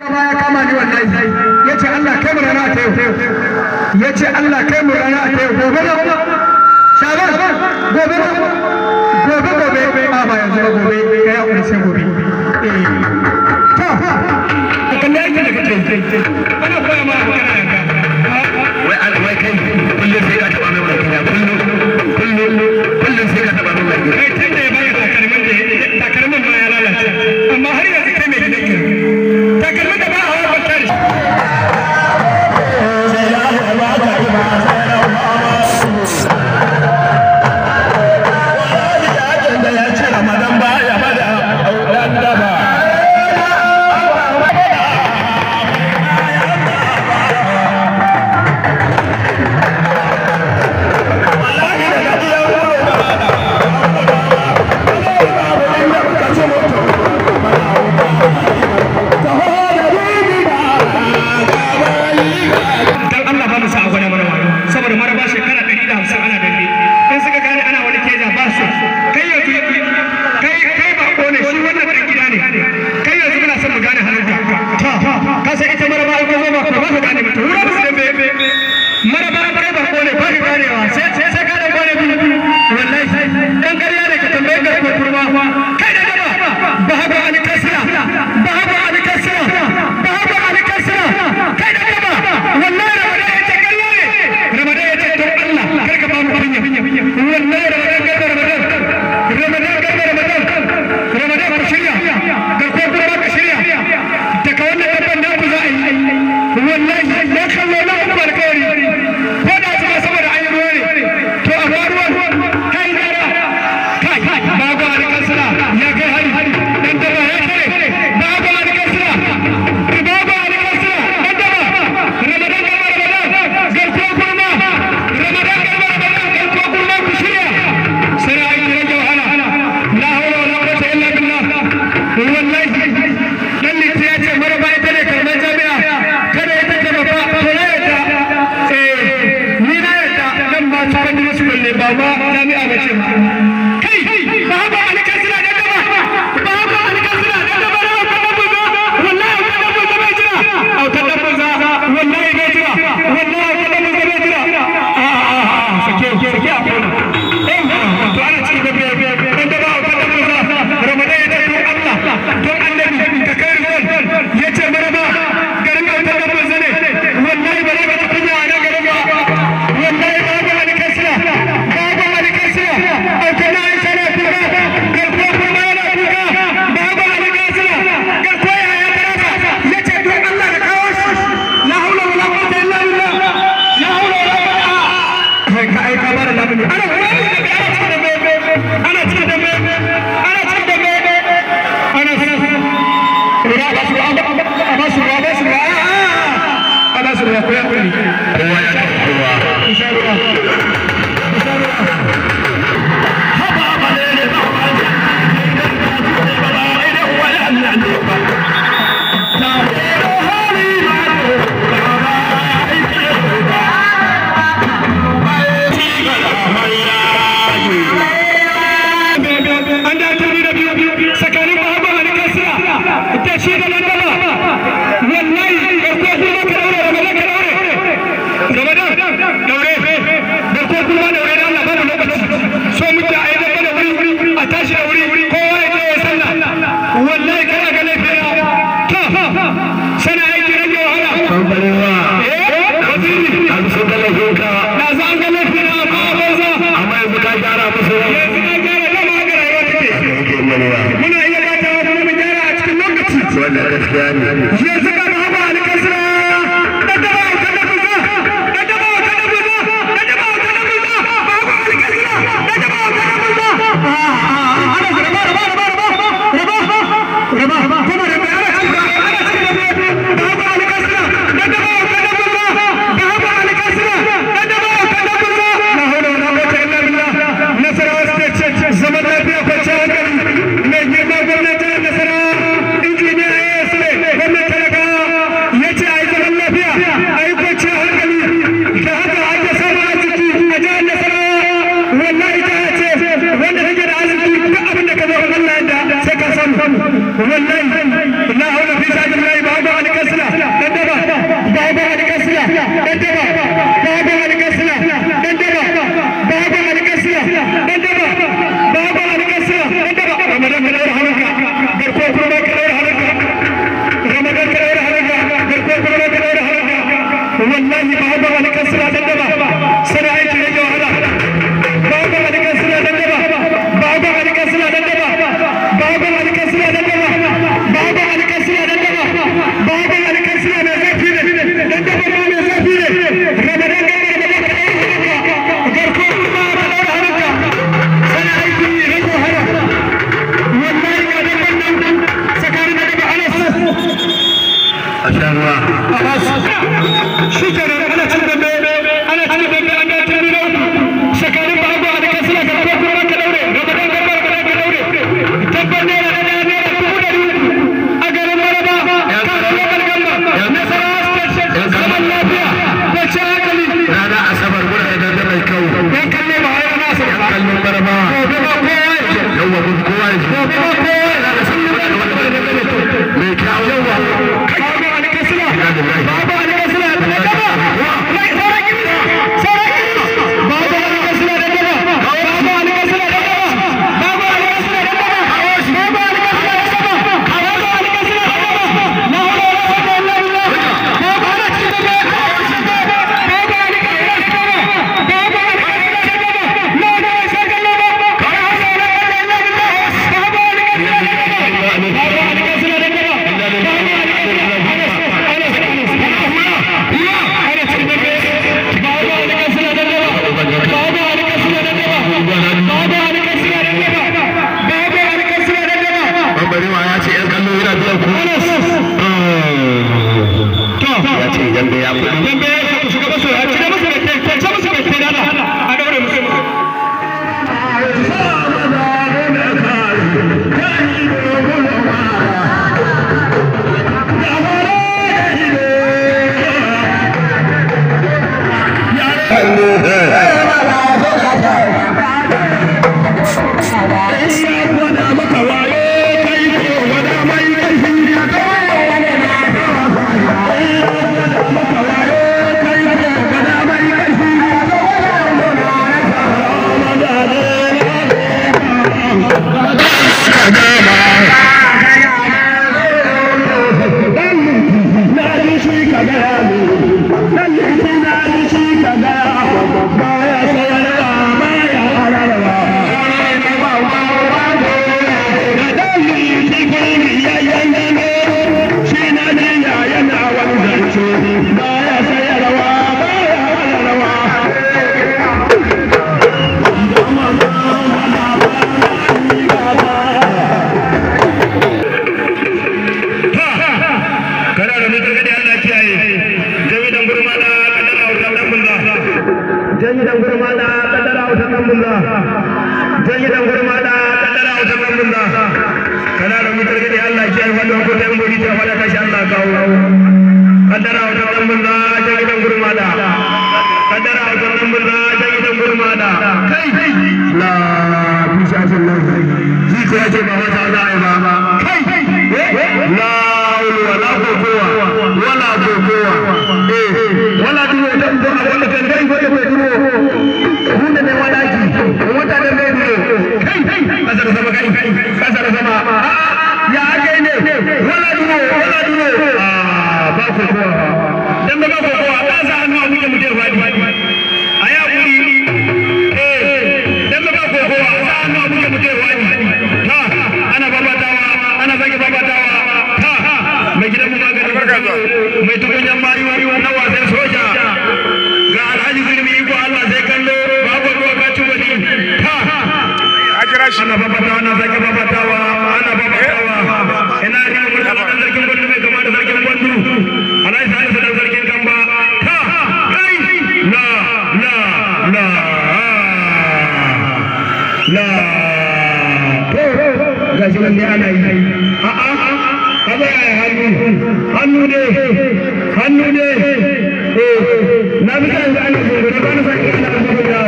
gaba ya kama ni ya ce Allah kai mu rana eh. ta ta yau gobe gobe gobe gobe ba yanzu gobe sai gobe ta kalli aiki da kake ana koya ma wai kai kullum sai ka jami هو الليل لا حول في سبيل الله بابا عليك اسلحه بابا عليك اسلحه بدبا kai la fi shafin ko wala wala dan ko kai kai ya ne wala wala hannu ne na da yanzu ana gobe na ana gobewa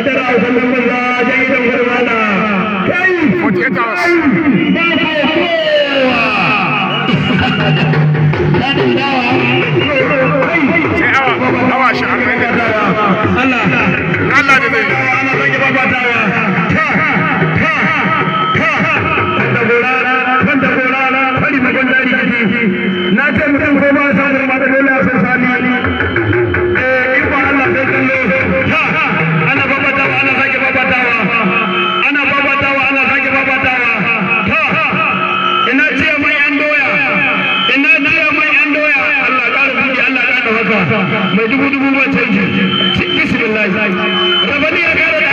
da a mai dubu dubu ba canji bismillah rabani